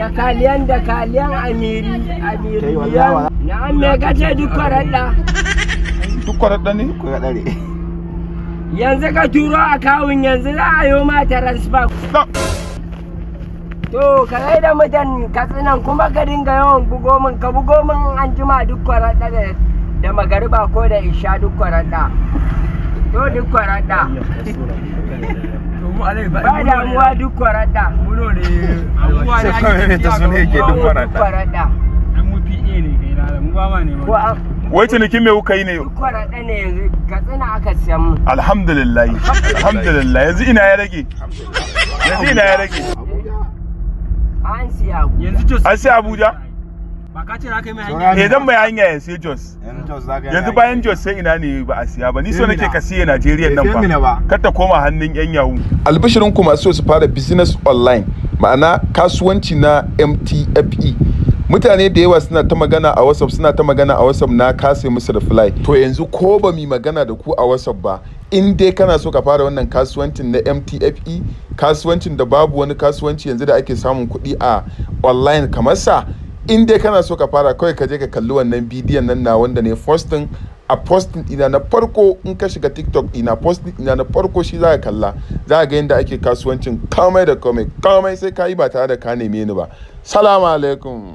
da kaliyan da kaliyan amiri na me kace duk kwararda duk ne ko gadare yanzu ka turo a kawun yanzu za a yi ma transfer to ka rai da mutan katsinan kuma ka dinga yawan bugo min ka bugo min an jima duk kwarada da da magariba ko da isha duk kwarada. to duk kwarada. ba damuwa duk kwarada. muno ne ce kawai ne ta suna yake duk farada wai cinikin me kuka yi ne kwarada ne yanzu ka tsina aka siya mu alhamdulillah alhamdulillah yanzu ina ya rage yanzu ina ya rage an siya abuja an siya abuja ba ka ce za ka yi mai hanya eh mai hanya ya sai jos yanzu bayan jos sai ina ne ba a siya ba ni so nake ka siya najeriya eh, nan ba kar ta koma hannun yan yahu albishirin ku masu su fara business online ma'ana kasuwanci na mtfe mutane da yawa suna ta magana a whatsapp suna ta magana a whatsapp na kase musu da fly to yanzu ko ba mi magana da ku a whatsapp ba in dai kana so ka fara wannan kasuwancin na mtfe kasuwancin da babu wani kasuwanci yanzu da ake samun kuɗi a online kamar sa in dai kana so ka fara kawai ka je ka kalli wannan bidiyon nan na wanda ne posting a posting ina na farko in ka shiga tiktok ina posting ina na farko shi za ka kalla za ga yadda ake kasuwancin komai da komai komai sai ka yi ba tare da ka neme ni ba salamu